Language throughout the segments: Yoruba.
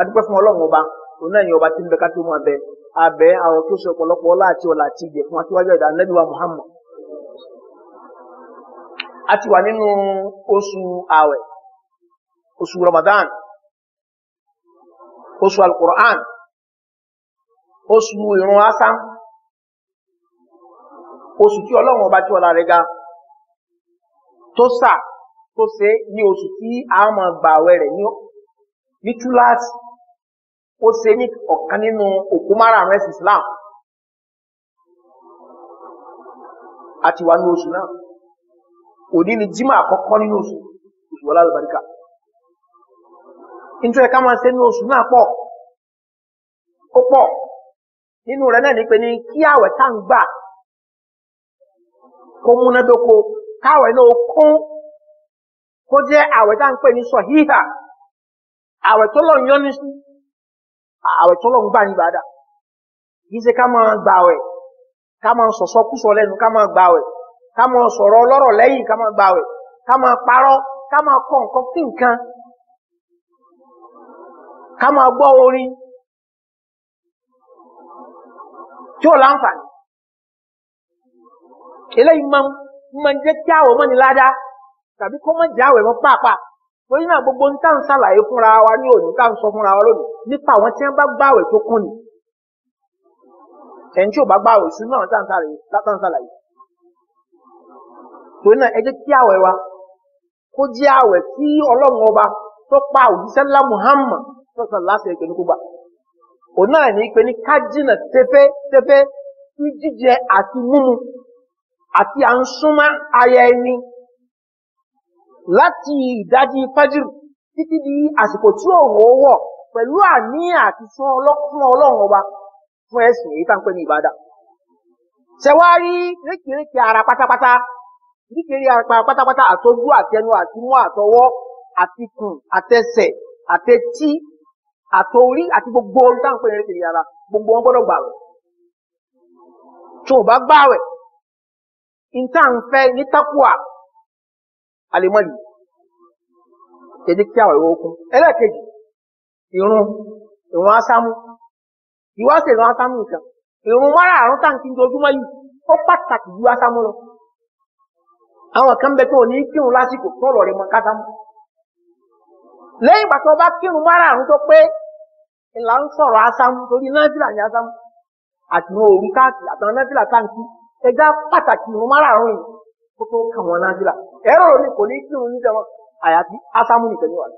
adúpẹ́ fún ọlọ́run ọba òun náà yẹn ọba tí ń bẹ ká tó máa bẹ abẹ àwọn tó ṣe ọ̀pọ̀lọpọ̀ ọlá àti àti ìjẹ fún akíwájú ẹ̀dá nẹ́bí muhammad a ti wà nínú oṣù àwẹ̀ oṣù ramadan oṣù alukur'an oṣù ìrún asán oṣù tí ọlọ́run ọba tí ọlá rẹ̀ ga tó sà tó ṣe ní oṣù tí a máa gbà àwẹ̀ rẹ̀ ní túláàsì ó se ní ọ̀kan nínú òkú márààrún ẹ̀sìn islam àti wà ní oṣù náà òní ni jímọ̀ àkọ́kọ́ nínú oṣù oṣù wọlá alùbáríkà ní tó máa ṣe ní oṣù náà pọ̀ ó pọ̀ nínú rẹ̀ náà ní pé ní kí àwẹ̀ tá ń gbà kó múnádóko káwẹ̀ náà àwẹ̀ tọ́lọ̀ ń gbà ní ìbàdà kì í ṣe ká máa gbà wẹ̀ ká máa sọ̀sọ́ kúsọ lẹ́nu ká máa gbà wẹ̀ ká máa sọ̀rọ̀ ọlọ́rọ̀ lẹ́yìn ká máa gbà wẹ̀ ká máa parọ́ ká máa kọ́ nǹkan sí nǹkan ká máa gbọ́ orin tí ó láǹfààní eléyìí máa ń jẹ́ kí àwọ̀ mọ́ni ládàá tàbí kó má jáwẹ̀ mọ́ pàápàá torí náà gbogbo ń tàn ṣàlàyé fúnra wa ní òní tá à ń sọ fúnra wa lónìí nípa àwọn tí wọ́n bá gbààwẹ̀ tó kún ni ẹni tí ò bá gbààwẹ̀ sí náà tá à ń ṣàlàyé torí náà ẹ jẹ́ kí àwẹ̀ wa kó jẹ́ àwẹ̀ tí ọlọ́run ọba tó pa òjíṣẹ́ ńlá Muhammad sọ̀tọ̀ láti ẹ̀kẹ́ ní kúgbà òun náà ní pé ní kájínà tẹ́fẹ́ tẹ́fẹ́ sí jíjẹ àti mímu àti à ń súnmọ́ aya ẹni láti ìdájí fájìrì títí di àsìkò tí òun ó wọ̀ pẹ̀lú àníyàn àti fún ọlọ́run ọba fún ẹ̀sìn èyí tá ń pè ní ìbádà. ṣẹ̀wárí rékèrékè ara pátápátá rékèrékè ara pátápátá àtọ́jú àtẹnu àtimú àtọwọ́ àtikùn àtẹsẹ̀ àtẹtí àtòrí àti gbogbo orí tá ń pè ní rékèrékè ara gbogbo wọn gbọ́dọ̀ gbààwẹ̀. tó o bá gbààwẹ̀ ìta ń fẹ́ ní tákùà àlèmọ́lì kèdè kí àwọn ìwọ̀kún ẹlẹ́ẹ̀kejì ìrun ìrun asámú ìwọ́sẹ̀ ìrun asámú nìkan ìrun mara àrùn táǹkì ojoojúmọ́ yìí ó pàtàkì ju asámú lọ àwọn kan bẹ tó ní kírun lásìkò tó lọ mọ kásámú lẹ́yìn mara àrùn tó pé ìlà ń sọ̀rọ̀ asámú torí ní asámú káàkiri àtàwọn táǹkì ẹja pàtàkì ìrun mara àrùn kó tó kàn wọn náfìlà ẹ̀rọ mi kò ní kírun ní jẹun àyàfi ásámù nìkan ní wà ní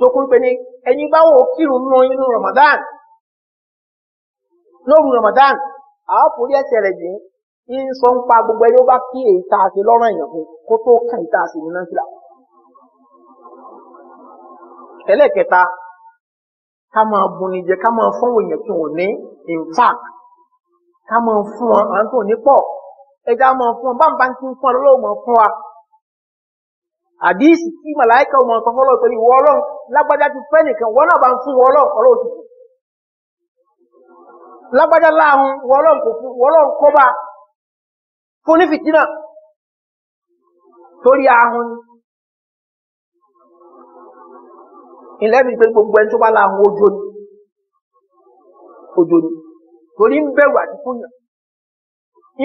kò ń ní ẹyin bá wò kírun Ramadan lóru Ramadan àáfòrí ẹsẹ̀ rẹ̀ jìn gbogbo ẹni ó bá kí èyí tá a ṣe lọ́rùn èèyàn fún kó tó èyí tá a ṣe ní ká mọ̀ fún wọn à ń tó ní pọ̀ ẹja mọ̀ fún wọn báńbá ti ń fún wọn lọ́wọ́ mọ̀ fún wa. àdíìsì tí màláìka ọmọ nǹkan fọlọ́ pé ìwọ ọlọ́run lágbájá ti fẹ́ nìkan wọn náà bá ń fún wọn ọlọ́run ọlọ́run ti fún. lágbájá láàrún wọn ọlọ́run kò fún wọn ọlọ́run kó bá fún ní fìtínà torí ahun ilẹ̀ mi pé gbogbo ẹni tó bá láàrún ojo ni torí ń bẹ̀rù àti mberu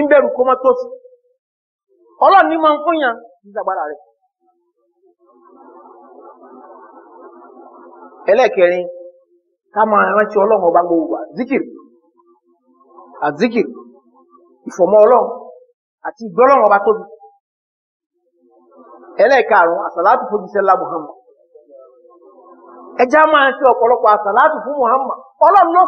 ń bẹ̀rù kó má tó sí ọlọ́run ní máa ń fúnyàn rẹ̀. ọba gbogbo àzíkìrì àzíkìrì ìfọ̀mọ́ ọlọ́run àti ìgbọ́lọ́run ọba tóbi ẹlẹ́ẹ̀karùn àsàlátù fún bisẹ́lá muhammad ẹjá máa ń ṣe ọ̀pọ̀lọpọ̀ àsàlátù fún muhammad ọlọ́run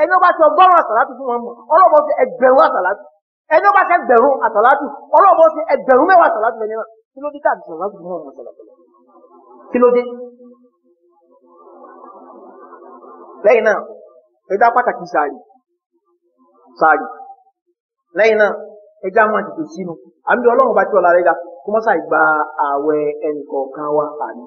ẹni ó bá ti ọgọ́rùn-ún àsàlátù fún wọn mọ̀ ọlọ́ọ̀bọ ti ẹgbẹ̀rún àsàlátù ẹni ó bá ti ẹgbẹ̀rún àsàlátù ọlọ́ọ̀bọ ti ẹgbẹ̀rún mẹ́wàá àsàlátù lẹ́yìn náà kí ló dé tá àdìsàn láti fún wọn kí ló dé. lẹ́yìn náà ẹja pàtàkì sàárì sàárì lẹ́yìn náà ẹja máa tètè sínú àmì ọlọ́run bá tí ọ̀la rẹ̀ ga kó mọ́sà ìgbà ààwẹ̀ ẹnì kọ̀ọ̀kan wa àná